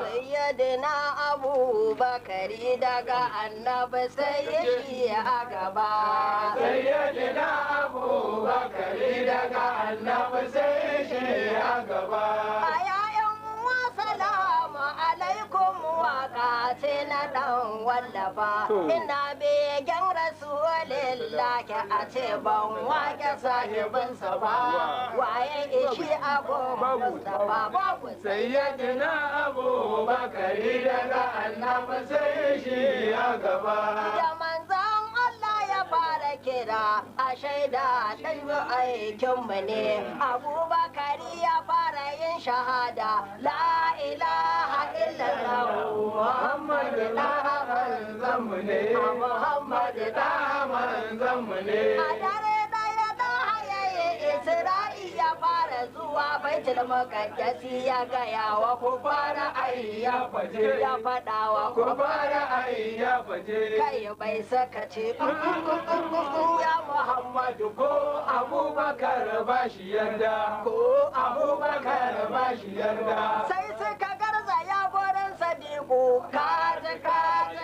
sayyadina abubakari daga annabi sai yake a gaba sayyadina abubakari daga annabi sai yake a gaba a yayan wasalamu alaikum wa ce na dan wallafa ina begen rasulillahi a ce ban wake sahibinsa ba waye ishi abu mustafa babu sayyadina abu abubakari daga Allah, sai shi ya gaba da manzan Allah ya fara kira a shaida ɗan aikinmu ne abubakari ya fara yin shahada la ilaha illallah muhammad da manzanmu ne muhammad da manzanmu ne zuwa baitul maqaddasi ya gaya wa kubara ai ya faje ya fada wa kubara ai ya faje kai bai saka ce ya muhammadu ko abubakar ba shi yarda ko abubakar ba shi yarda sai suka garza ya boran sadiku ka ka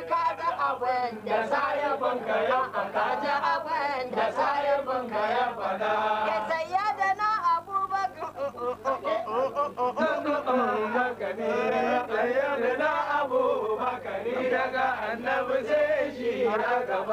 ka ji abin da sai ya banka ya ka ji haka ni daga annabi sai shi gaba